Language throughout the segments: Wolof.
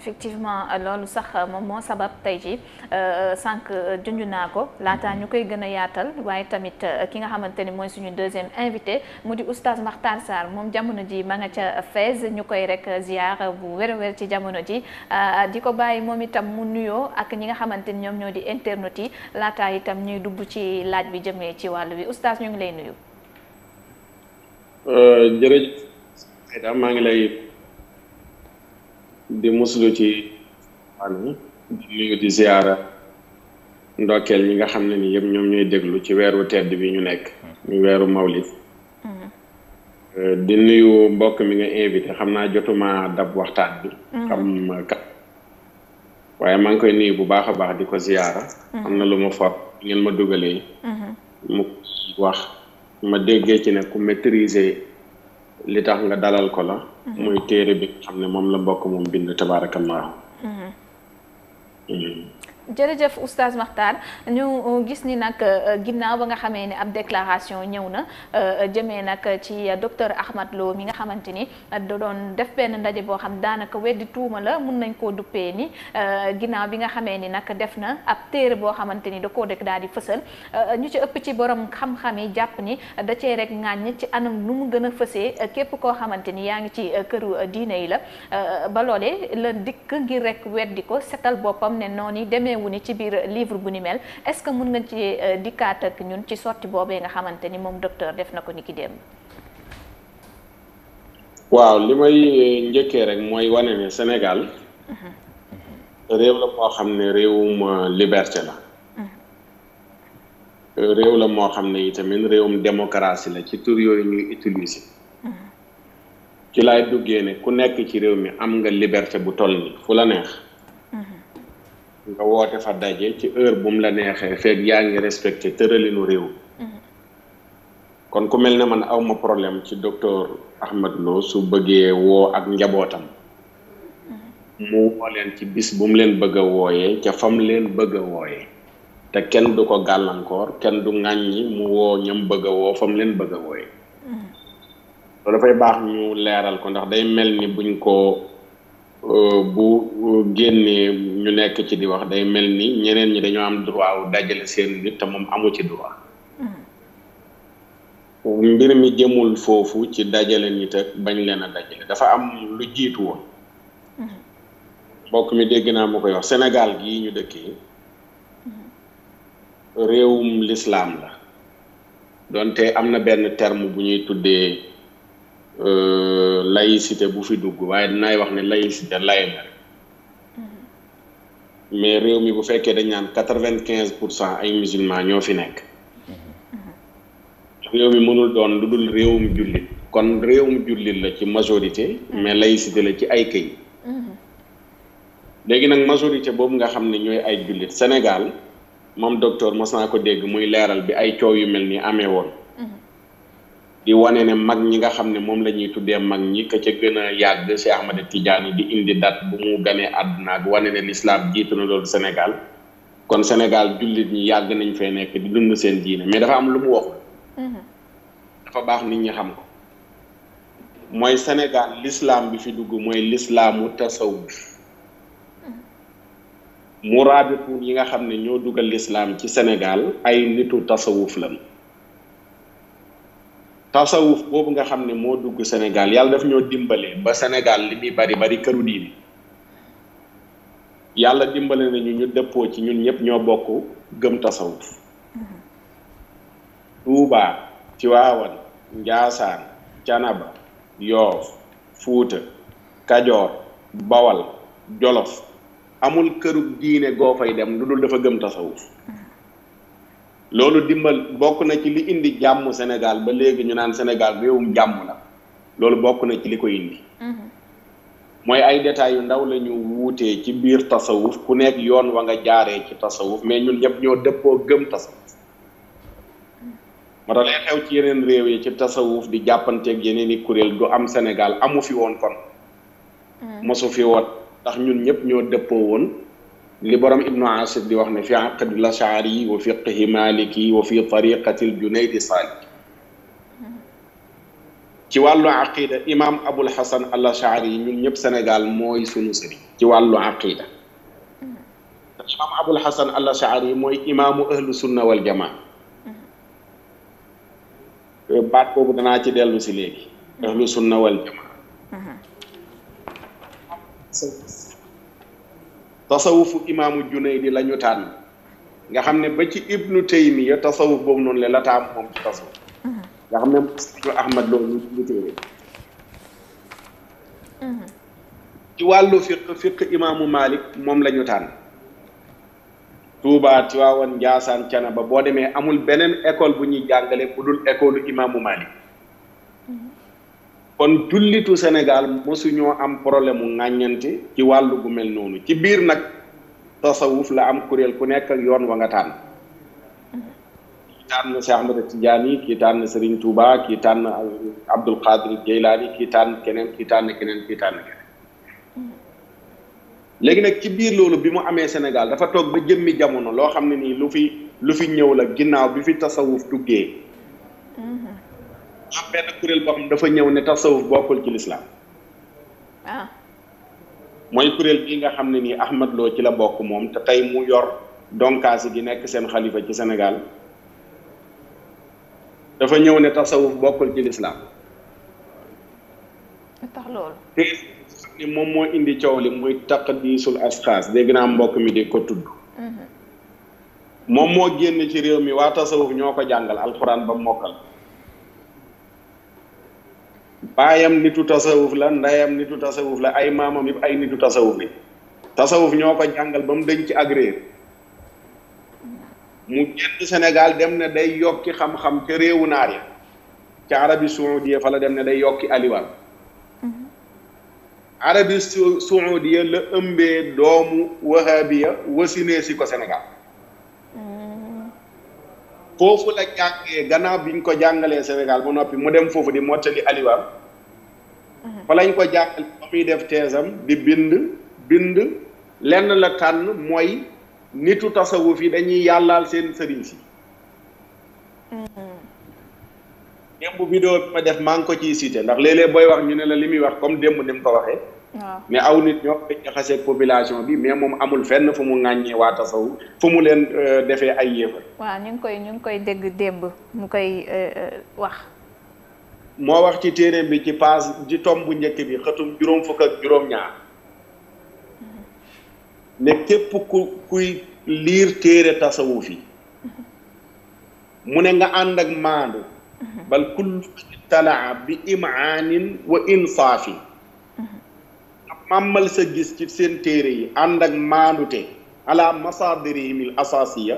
effectivement loolu sax moom moo sabab tey jii euh, sànq junj naa ko laata mhm. ñu koy gën a yaatal waaye tamit euh, ki nga xamante ni mooy suñu deuxième invité mu di oustaz Makhtar Sarr moom jamono ji ma nga ca Fès ñu koy rek ziar bu wér wér ci jamono ji euh, di ko bàyyi moom itam mu nuyoo ak ñi nga xamante ni ñoom ñoo di internet yi laataa itam ñuy dugg ci laaj bi jëmee ci wàll bi oustaz ñu ngi lay nuyu. maa ngi lay. di muslu ci maanaam di nuyu di ziyaara ndokkeel ñi nga xam ne ni yëpp ñoom ñuy déglu ci weeru tedd bi ñu nekk ñu weeru mawlid mm-hmm. di nuyu mbokk mi nga invité xam naa jotuma dab waxtaan bi mm-hmm. xam kat waaye maa ngi koy nuyu bu baax a baax di ko ziyaara xam mm-hmm. na lu ma for ngeen ma dugalee mu wax ma déggee ci ne ku matrise li tax nga dalal ko la muy téere bi xam ne moom la mbokk moom bind tabaarakallaahu mm-hmm. mm-hmm. jërëjëf oustaz Makhtar ñu euh, gis ni nag euh, ginnaaw ba nga xamee ni ab déclaration ñëw na euh, jëmee nag ci docteur Ahmad Lo mi nga xamante ni da doon def benn ndaje boo xam daanaka weddi tuuma la mun nañ koo duppee ni ginnaaw bi nga xamee ni nag def na ab téere boo xamante ni da koo dëkk daal di fësal ñu ci ëpp ci borom xam-xam yi jàpp ni da cee rek ŋàññ ci anam nu mu gën a fësee képp koo xamante ni yaa ngi ci këru diine yi la ba loolee la dikk ngir rek weddi ko setal boppam wu ni ci biir livre bu ni mel est-ce que mën nga ci euh, dikkaat ak ñun ci sortie boobee nga xamante ni moom docteur def na ko ni ki démb waaw li may euh, njëkkee rek mooy wane ne Sénégal mm-hmm. réew la moo xam ne réewum euh, liberté la mm-hmm. réew la moo xam ne itamit réewum démocratie la ci tur yooyu ñuy utiliser mm-hmm. ci laay duggee ne ku nekk ci réew mi am nga liberté bu toll ni fu la neex nga woote fa daje ci heure bu mu la neexee fekk yaa ngi respecté tëralinu réew. Mm-hmm. kon ku mel ne man aw ma problème ci docteur Ahmed Lo su bëggee woo ak njabootam. Mm-hmm. mu woo leen ci bis bu mu leen bëgg wooyee ca fam leen bëgg a te kenn du ko gàllankoor kenn du ŋàññi mu woo ñam bëgg a leen bëgg a wooyee. Mm-hmm. loolu dafay baax ñu leeral ko ndax day mel ni buñ ko Euh, bu euh, génnee ñu nekk ci di wax day mel ni ñeneen ñi dañoo am droit dajale seen nit te moom amu ci droit mm-hmm. mbir mi jëmul foofu ci dajale nit ak bañ leen a dajale dafa am lu jiitu woon mm-hmm. mbokk mi dégg naa mu koy wax Sénégal gii ñu dëkkee mm-hmm. réewum lislaam la doonte am na benn terme bu ñuy tuddee euh, laïcité bu fi dugg waaye dinaay wax ne laïcité lay la rek mhm. mais réew mi bu fekkee dañ naan quatre-vingt-quinze pour cent ay musulmans ñoo fi nekk mhm. réew mi mënul doon lu dul réewum jullit kon réewum jullit la ci majorité mhm. mais laïcité la ci ay këy léegi nag majorité boobu nga xam ne ñooy ay jullit Sénégal moom docteur mos naa ko dégg muy leeral bi ay coow yu mel nii amee woon di wane ne mag ñi nga xam ne moom la ñuy tuddee mag ñi ka ca gën a yàgg Cheikh Ahmed Tidiane di indi date bu mu ganee àdduna ak wane ne lislaam jiitu na loolu Sénégal kon Sénégal jullit ñi yàgg nañ fee nekk di dund seen diine mais dafa am lu mu wax mhm. dafa baax nit ñi xam ko mooy Sénégal lislaam bi fi dugg mooy l'islaamu tasawuf mhm. muraabitu yi nga xam ne ñoo dugal lislaam ci senegaal ay nitu tasawuf lañu tasawuf boobu nga xam ne moo dugg Sénégal yàlla daf ñoo dimbalee ba Sénégal li muy bari bari këru diine yàlla dimbale nañu ñu dëppoo ci ñun ñëpp ñoo bokk gëm tasawuf Tuubaa Tiwaawan Njaasaan Canaba Yoof Fuuta Kajoor Bawal Jolof amul këru diine goo fay dem lu dul dafa gëm tasawuf loolu dimbal bokk na ci li indi jàmm senegal ba léegi ñu naan senegal réewum jàmm la loolu bokk na ci li ko indi mhm. mooy ay détails yu ndaw lañu ñu ci biir tasawuf ku nekk yoon wa nga jaaree ci tasawuf mais ñun ñëpp ñoo dëppoo gëm tasawuf moo tax ci yeneen réew yi ci tasawuf di jàppanteeg yeneen i kuréel du am Sénégal amu fi woon kon mhm. mosu ndax ñun ñëpp ñoo dëppoo woon li borom ibnu asib di wax ne fi aqdi lashaari wa fiqhi maliki wa fi tariqati ljunaydi saalik ci wàllu aqida imam abul hasan al lashaari ñun ñëpp mooy sunu sëriñ ci wàllu aqida te imam abul hasan al mooy imaamu ahlu sunna wal danaa ci dellu si tasawufu imaamu Junaydi la ñu tànn nga xam ne ba ci ibnu Taymiya tasawuf boobu noonu la la taam moom ci tasawuf nga xam ne Seydou Ahmad loolu lu téere ci wàllu fiq fiq imaamu Malik moom la ñu tànn Tiwaawan Njaasaan Canaba boo demee amul beneen école bu ñuy jàngale bu dul école imaamu Malik kon jullitu Sénégal mosuñoo am problème mu ŋàññante ci wàll gu mel noonu ci biir nag tasawuf la am kuréel ku nekk yoon wa nga tànn kii na Cheikh Ahmada Tidiane kii tànn Serigne Touba kii tànn Abdul Qadir Jeylaani kii tànn keneen kii tànn keneen kii léegi nag ci biir loolu bi mu amee Sénégal dafa toog ba jëmmi jamono loo xam ne nii lu fi lu fi ñëw la ginnaaw bi fi tasawuf duggee am kuréel boo xam dafa ñëw ne tasawuf bokkul ci lislaam waaw ah. mooy kuréel bii nga xam ne nii Ahmad ci la bokk moom te tey mu yor donkaasi gi nekk seen xalifa ci Sénégal dafa ñëw ne tasawuf bokkul ci lislaam tax loolu moom moo indi coow li muy taqdiisul asxaas dégg naa mbokk mi di ko tudd mhm. moom moo génn ci réew mi waa tasawuf ñoo ko jàngal alxuraan ba mokkal baayam nitu tasawuf la ndayam nitu tasawuf la ay maamam yëpp ay nitu tasawuf ni tasawuf ñoo ko jàngal ba mu dañ ci agréer mu génn Sénégal dem ne day yokki xam-xam ca réewu naar ya ca Arabie Saoudiya fa la dem ne day yokki aliwal mm-hmm. su Saoudiya la ëmbee doomu wahabiya wasinee si ko Sénégal mm-hmm. foofu la jàngee gannaaw biñ ko jàngalee Sénégal ba noppi mu dem foofu di mottali aliwal fa lañ ko jàppale ba muy def teesam di bind bind lenn la tànn mooy nitu tasawuf fii dañuy yàllaal seen sëriñ si mm-hmm. démb vidéo bi ma def maa ngi ko ciy cité ndax léeg-léeg booy wax ñu ne la li muy wax comme démb ni mu ko waxee mais aw nit ñoo koy jaxaseeg population bi mais moom amul fenn fu mu ŋàññee waa tasawu fu mu leen euh, defee ay yéefar waaw ñu ngi koy ñu ngi koy dégg démb mu koy euh, euh, wax moo wax ci téere bi ci paas ci tom njëkk bi xëtum juróom fukk ak juróom-ñaar ne képp ku kuy liir téere tasawuf yi mu ne nga ànd ak maandu bal kullu talaa bi imaanin wa insaafi nga màmmal sa gis ci seen téere yi ànd ak maandute ala masadirihim al asasiya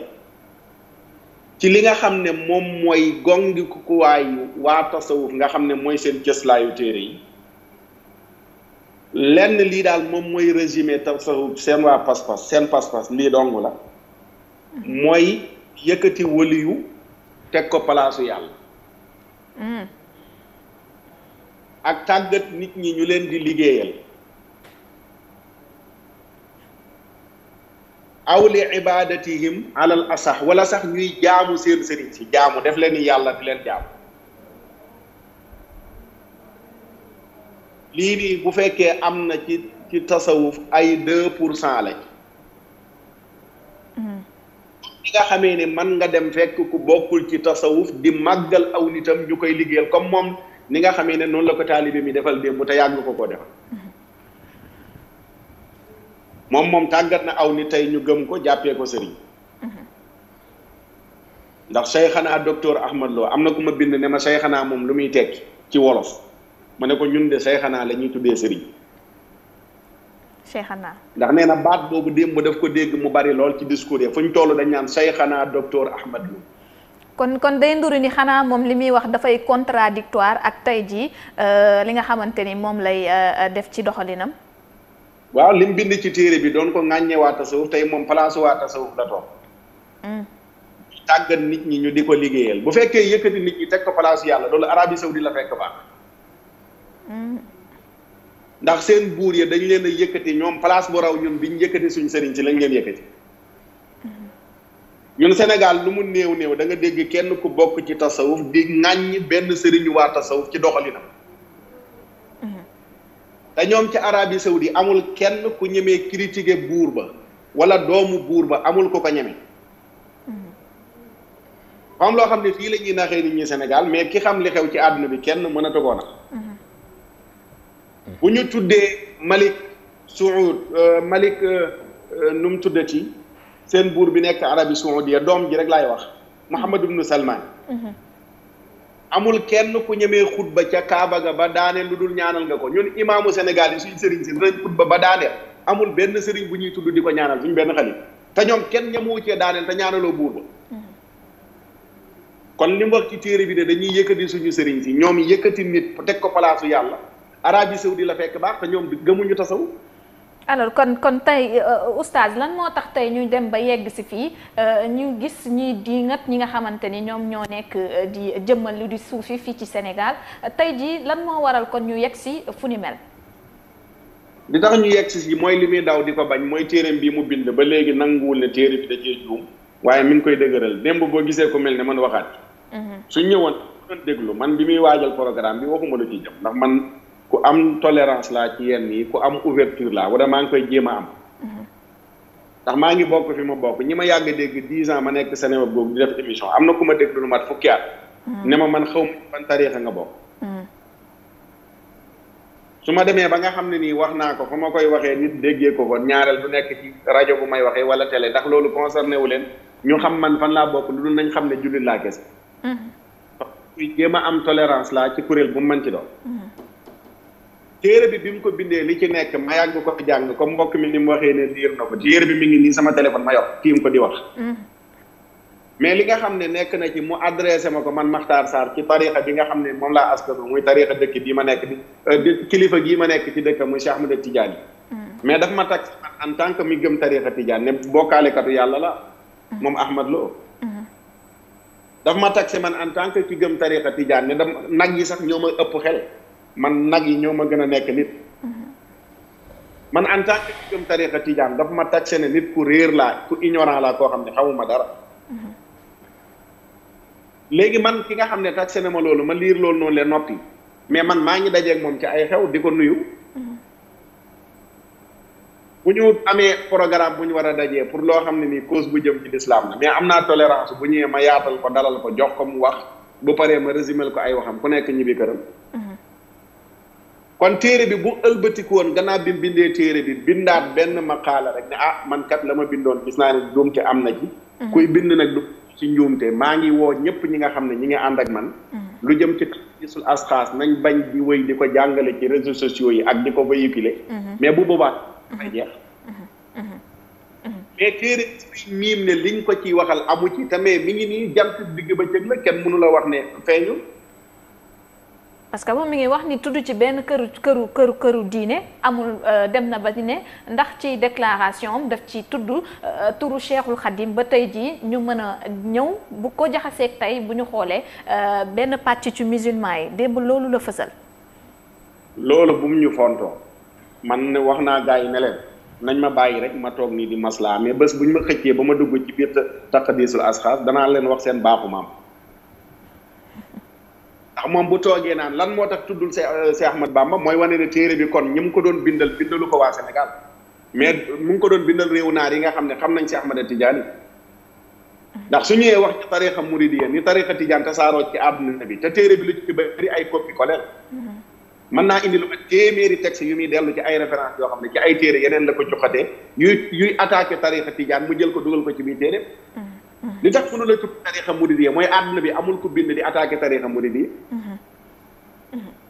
ci li nga xam ne moom mooy gongikuwaayu waa tasawuf nga xam ne mooy seen cëslaayu téere yi lenn lii daal moom mooy résumé tasawuf seen waa pas-pas seen pas-pas lii dong la mooy yëkkati wëliyu teg ko palaasu yàlla mm. ak tàggat nit ñi ñu leen di liggéeyal aw li ibadatihim alal asax wala sax ñuy jaamu seen sëriñ si jaamu def leen yàlla di leen jaamu lii nii bu fekkee am na ci ci tasawuf ay deux pour cent lañ mm-hmm. li nga xamee ne man nga dem fekk ku bokkul ci tasawuf di màggal aw nitam ñu koy liggéeyal comme moom ni nga xamee ne noonu la ko taalibe mi defal démb te yàgg ko koo defal mm-hmm. moom moom tàggat na aw ni tey ñu gëm ko jàppee ko sëriñ ndax say xanaa docteur Ahmad Lo am na ku ma bind ne ma sayxanaa moom lu muy tekki ci wolof mu ne ko ñun de sayxanaa la ñuy tuddee sëriñ sayxanaa ndax nee na baat boobu démb daf ko dégg mu bari lool ci discours yi fu ñu toll dañ naan sayxanaa docteur Ahmad Lo kon kon day nduru ni xanaa moom li muy wax dafay contradictoire ak tey jii euh, li nga xamante ni moom lay euh, def ci doxalinam waaw li mu bind ci téere bi doon ko ŋàññee waa tasawuf tey moom place waa tasawuf la toog mm. tàggat nit ñi ñu di ko liggéeyal bu fekkee yëkkati nit ñi teg ko place yàlla loolu Arabie Saoudite la fekk baax mm. ndax seen buur ya dañ leen a yëkkati ñoom place bu raw ñun biñ yëkkati suñ sëriñ si lañ leen yëkkati mm-hmm. ñun senegal lu mu néew néew da nga dégg kenn ku bokk ci tasawuf di ŋàññ benn sëriñu waa tasawuf ci doxalinam te ñoom ci Arabie Saoudi amul kenn ku ñemee critiquer buur ba wala doomu buur ba amul ku ko ñeme xam mm-hmm. loo xam ne fii la ñuy naxee ni ñi senegal mais ki xam li xew ci àdduna bi kenn mën a tëggoon a bu ñu tuddee Malik Saoud euh, Malik euh, euh, nu mu tuddati seen buur bi nekk Arabie Saoudiya doom ji rek laay wax Mouhamad ibnu Salman mm-hmm. amul kenn ku ñemee xutba ca Kaaba ga ba daaneel lu dul ñaanal nga ko ñun imaamu Sénégal yi suñu sëriñ si dinañ xutba ba daaneel amul benn sëriñ bu ñuy tudd di ko ñaanal suñ benn xalif te ñoom kenn ñemewu cee daaneel te ñaanaloo buur ba mm-hmm. kon li mu wax ci téere bi de dañuy yëkkati suñu sëriñ si ñoom yëkkati nit teg ko palaasu yàlla Arabie Saoudi la fekk baax te ñoom gëmuñu tasaw alors kon kon tey euh, oustaz lan moo tax tey ñu dem ba yegg si fii euh, ñu gis ñi di ngat ñi nga xamante ni ñoom ñoo nekk euh, di jëmmal lu di suufi fii ci Sénégal tey jii lan moo waral kon ñu yegg si fu ni mel. li tax ñu yegg si mooy li muy daw di ko bañ mooy téereem bi mu bind ba léegi nanguwul ne téere bi da juum waaye mi ngi koy dëgëral démb boo gisee ko mel ne man waxaat. Mhm. suñ ñëwoon déglu man bi muy waajal programme bi waxuma lu ciy jëm ndax man. ku am tolérance laa ci yenn yi ku am ouverture laa wala maa ngi koy jéem am ndax maa ngi bokk fi ma bokk ñi ma yàgg dégg dix ans ma nekk Sénégal boobu di def émission na ku ma déglu mat fukki at ne ma man xaw ma ban nga bokk ma demee ba nga xam ne nii wax naa ko fa ma koy waxee nit déggee ko ko ñaareel du nekk ci rajo bu may waxee wala télé ndax loolu concerné wu leen ñu xam man laa bokk lu nañ xam ne jullit laa kese mm-hmm. kuy jéem a am tolérance laa ci kuréel bu mu mën ci doon mm-hmm. téere bi bi mu ko bindee li ci nekk ma yàgg ko fi jàng comme mbokk mi ni mu waxee ne liir na ko téere bi mi ngi nii sama téléphone ma yor tiim ko di wax mm-hmm. mais li nga xam ne nekk na ci mu adressé ma ko man Makhtar saar ci tarixa bi nga xam ne moom laa askano muy tarixa dëkk bi ma nekk euh, di kilifa gii ma nekk ci dëkk muy Cheikh Ahmada Tidiane mm-hmm. mais daf ma tag en tant que mi gëm tarixa Tidiane ne bokkaalekatu yàlla la mm-hmm. moom Ahmad Lo daf ma taxé man en tant que ki gëm tarixa Tidiane ne dam nag yi sax ñoo ma ëpp xel man nag yi ñoo ma gën a nekk nit mm-hmm. man en tant que gëm tarixa tijaan dafa ma taxe ne nit ku réer laa ku ignorant laa koo xam ne xamuma dara mm-hmm. léegi man ki nga xam ne taxe ne ma loolu ma liir loolu noonu le noppi mais man maa ngi dajeeg moom ci ay xew di ko nuyu mm-hmm. bu ñu amee programme bu ñu war a dajee pour loo xam ne nii cause bu jëm ci lislaam la mais am naa tolérance bu ñëwee ma yaatal ko dalal ko jox ko mu wax bu paree ma résumer ko ay waxam ku nekk ñibbi këram kon téere bi bu ëlbatiku woon gannaaw bi bindee téere bi bindaat benn maqaala rek ne ah man kat la ma bindoon gis naa ne njuumte am na ci mm-hmm. kuy bind nag ci njuumte maa ngi woo ñëpp ñi nga xam ne ñi ngi ànd ak man mm-hmm. lu jëm ci gisul asxaas nañ bañ di wéy di ko jàngale ci réseaux sociaux yi ak di ko véhiculer mm-hmm. mais bu boobaa dafay jeex mais téere bi ne liñ ko ciy waxal amu ci tamit mi ngi nii jant digg ba cëg la kenn mënu wax ne feeñu parce que moom mi ngi wax ni tudd ci benn këru këru këru këru diine amul euh, dem na ba ne ndax ci déclaration am daf ci tudd euh, turu Cheikhul Khadim ba tey jii ñu mën a ñëw bu ko jaxaseeg tey bu ñu xoolee euh, benn pàcc ci musulman yi démb loolu la fësal. loolu bu mu ñu fontoo man wax naa gars yi leen nañ ma bàyyi rek ma toog nii di maslaa mais bés bu ñu ma xëccee ba ma dugg ci biir taqdisul asxaas danaa leen wax seen baaxu maam ndax moom bu toogee naan lan moo tax tuddul Cheikh euh, Ahmad Bamba mooy wane na téere bi kon ñi mu ko doon bindal bindalu ko waa Sénégal mais mu ngi ko doon bindal réewu naar yi nga xam ne xam nañ Cheikh Ahmad Tidiane ndax su ñëwee wax ci tarixa muridiyya ni tarixa Tidiane tasaaroo ci àdduna bi te téere bi lu ñu bëri ay copie collé mm-hmm. mën naa indi lu ma téeméeri texte yu muy dellu ci ay référence yoo xam ne ci ay téere yeneen la ko joxatee yuy yuy attaqué tarixa Tidiane mu jël ko dugal ko ci biir li tax mënu la këpp tariixa muridiyya mooy àdduna bi amul ku bind di attaqué tariixa muridiyya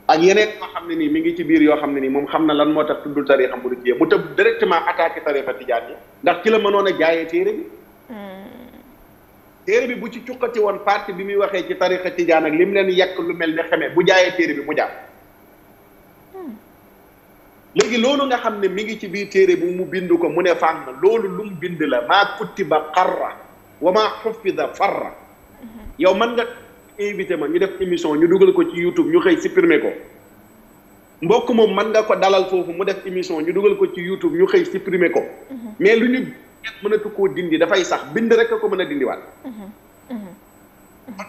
ak yeneen yoo xam ne nii mi ngi ci biir yoo xam ne nii moom xam na lan moo tax tuddul tariixa muridiyya mu tëb directement attaqué tariixa tijaan yi ndax ci la mënoon a jaayee téere bi téere bi bu ci cuqati woon parti bi muy waxee ci tariixa tijaan ak mu leen yàq lu mel ni xeme bu jaayee téere bi mu jàpp léegi loolu nga xam ne mi ngi ci biir téere bi mu bind ko mu ne fànn loolu lu bind la maa kutiba wa maa xuffida farra yow man nga invité ma ñu def émission ñu dugal ko ci YouTube ñu xëy supprimer ko mbokk moom man nga ko dalal foofu mu def émission ñu dugal ko ci YouTube ñu xëy supprimer ko mais lu ñu mënatu koo dindi dafay sax bind rek a ko mën a dindi dindiwaat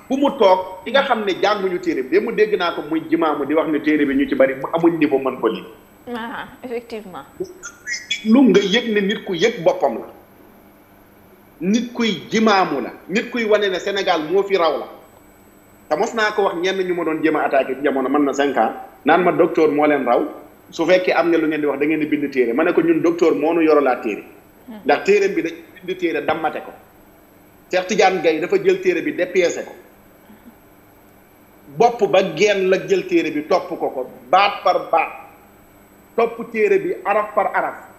bu mu toog ki nga xam ne jànguñu téere bi mu dégg naa ko muy jimaamu di wax ne téere bi ñu ci bari mu amuñ niveau mën ko lii ah, effectivement lu nga yëg ne nit ku yëg boppam la nit kuy jimaamu la nit kuy wane ne Sénégal moo fi raw la te mos naa ko wax ñenn ñu ma doon jéem attaque attaqué ci jamono mën na cinq naan ma docteur moo leen raw su fekkee am ne lu ngeen di wax da ngeen di bind téere ma ne ko ñun docteur moo nu yorolaa téere ndax téere bi dañ bind téere dammate ko Cheikh Tidiane gay dafa jël téere bi dépiécé ko bopp ba genn la jël téere bi topp ko ko baat par baat topp téere bi araf par araf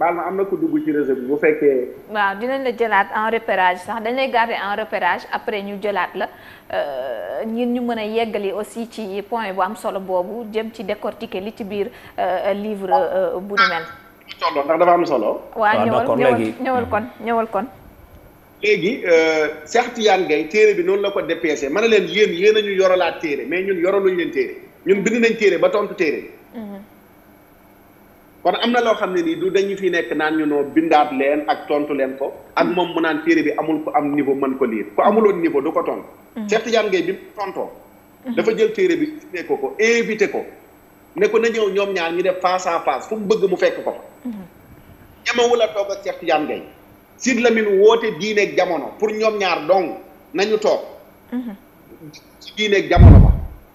baal ma am na ko dugg ci réseau bi bu fekkee. waaw dinañ la jëlaat en repérage sax dañ lay garder en repérage après ñu jëlaat la euh, ngir ñu mën a yeggali aussi ci point bu am solo boobu jëm ci décortiquer li ci biir euh, livre euh, bu ni mel. solo ndax dafa am solo. waaw ñëwal ñëwal kon ñëwal kon. léegi Cheikh Tidiane Gaye téere bi noonu la ko dépeese mën leen yéen yéen a ñu yoralaat téere mais ñun yoraluñ leen téere ñun bind nañ téere ba tontu téere. Mhm. kon am na loo xam ne nii du dañu fi nekk naan ñu noo bindaat leen ak tontu leen ko ak moom mu naan téere bi amul ko am niveau mën ko lire ko amuloon niveau du ko tontu. Mm. Cheikh Tidiane Gueye bi mu tontoo mm. dafa jël téere bi ne ko ko invité ko ne na ñëw ñoom ñaar ñu def face à face fu mu bëgg mu fekk ko fa ñemewul mm-hmm. a toog ak Cheikh Tidiane Gueye Sid Lamine woote diineeg jamono pour ñoom ñaar dong nañu toog mm-hmm. ci diineeg jamono ba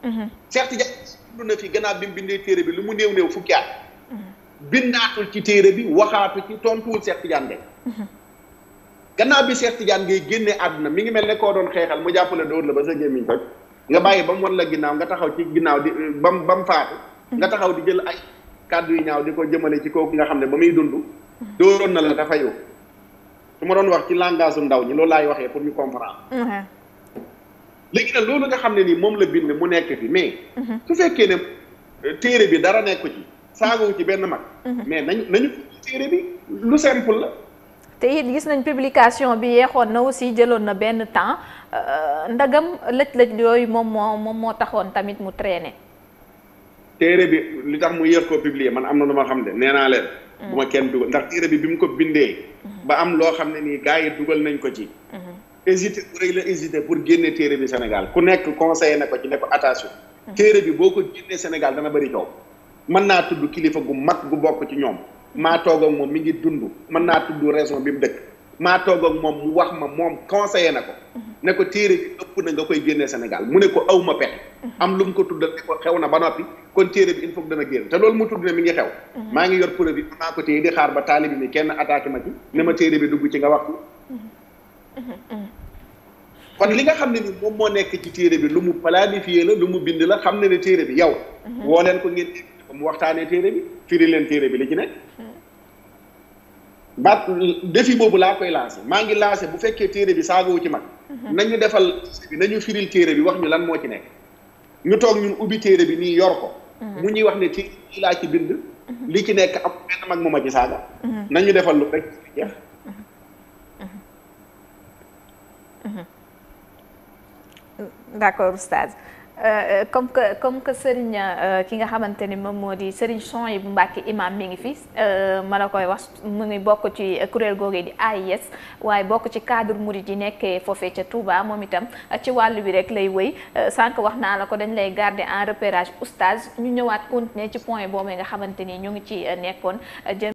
mm-hmm. Cheikh Tidiane dund na fi gannaaw bi mu bindee téere bi lu mu néew néew fukki at bindaatul ci téere bi waxaatu ci tontuwul Cheikh Tidiane Gaye mhm. gannaaw bi Cheikh Tidiane Gaye génnee àdduna mi ngi mel ne koo doon xeexal mu jàppale dóor la ba sa gémmiñ toj nga bàyyi ba mu wan la ginnaaw nga taxaw ci ginnaaw di ba mu ba mu faatu mhm. nga taxaw di jël ay kàddu yu ñaaw di ko jëmale ci kooku nga xam ne ba muy dund mhm. dóoroon na la dafa yow su ma doon wax ci langage su ndaw ñi loolu laay waxee pour ñu comprendre léegi nag loolu nga xam ne nii moom la bind mu nekk fi mais su fekkee ne bi dara nekku ci saagoo ci benn mag. Mhm. mais nañu nañu téere bi lu simple la. te it gis nañ publication bi yeexoon na aussi jëloon na benn temps euh, ndagam lëj-lëj yooyu moom moo moom moo taxoon tamit mu traîner. téere bi li tax mu yéex ko publier man am na lu ma xam de nee naa leen. Mhm. bu ma kenn dugal ndax téere bi bi mu ko bindee. Mhm. ba am loo xam ne nii gars yi dugal nañ ko ci. hésité bu rëy la hésité pour génnee téere bi Sénégal ku nekk conseil na ko ci ne ko attention. téere bi boo Sénégal dana bëri coow. mën naa tudd kilifa gu mag gu bokk ci ñoom maa toog ak moom mi ngi dund mën naa tudd raison bi mu dëkk maa toog moom mu wax ma moom conseillé na ko mhm. ne ko téere bi ëpp na nga koy génne Sénégal mu ne ko aw ma mhm. am lu mu ko tuddal ne ko xew na ba noppi kon téere bi il faut que dana génn te loolu mu tudd ne mi ngi xew mhm. maa ngi yor preuve bi maa ko téye di xaar ba taalibi mi kenn attaqué ma bi ne ma téere bi dugg ci nga wax kon li nga xam ne ni moom moo nekk ci téere bi lu mu planifié la lu mu la xam ne ne téere bi yow woo leen ko ngeen mu waxtaanee téere bi firi leen téere bi li ci nekk ba défi boobu laa koy lancé maa ngi lancé bu fekkee téere bi saagoo ci mag mhm. ñu defal nañu firil téere bi wax ñu lan moo ci nekk ñu toog ñun ubbi téere bi nii yor ko mhm. mu ñuy wax ne ci lii laa ci bind mhm. li ci nekk am benn mag mu ma ci saaga nañu defal lu rek jeex d'accord oustaz comme que comme que Serigne euh, ki nga xamante ni moom moo di Serigne son yi bu Mbàkke imam mi ngi fi euh, ma la koy wax mu ngi bokk ci kuréel googu di yes waaye bokk ci cadre mu di yi nekkee foofe ca Touba moom itam ci wàll bi rek lay wëy euh, sànq wax naa la ko dañ lay garder en repérage oustaz ñu ñëwaat continuer ci point boobu nga xamante ni ñu ngi ci nekkoon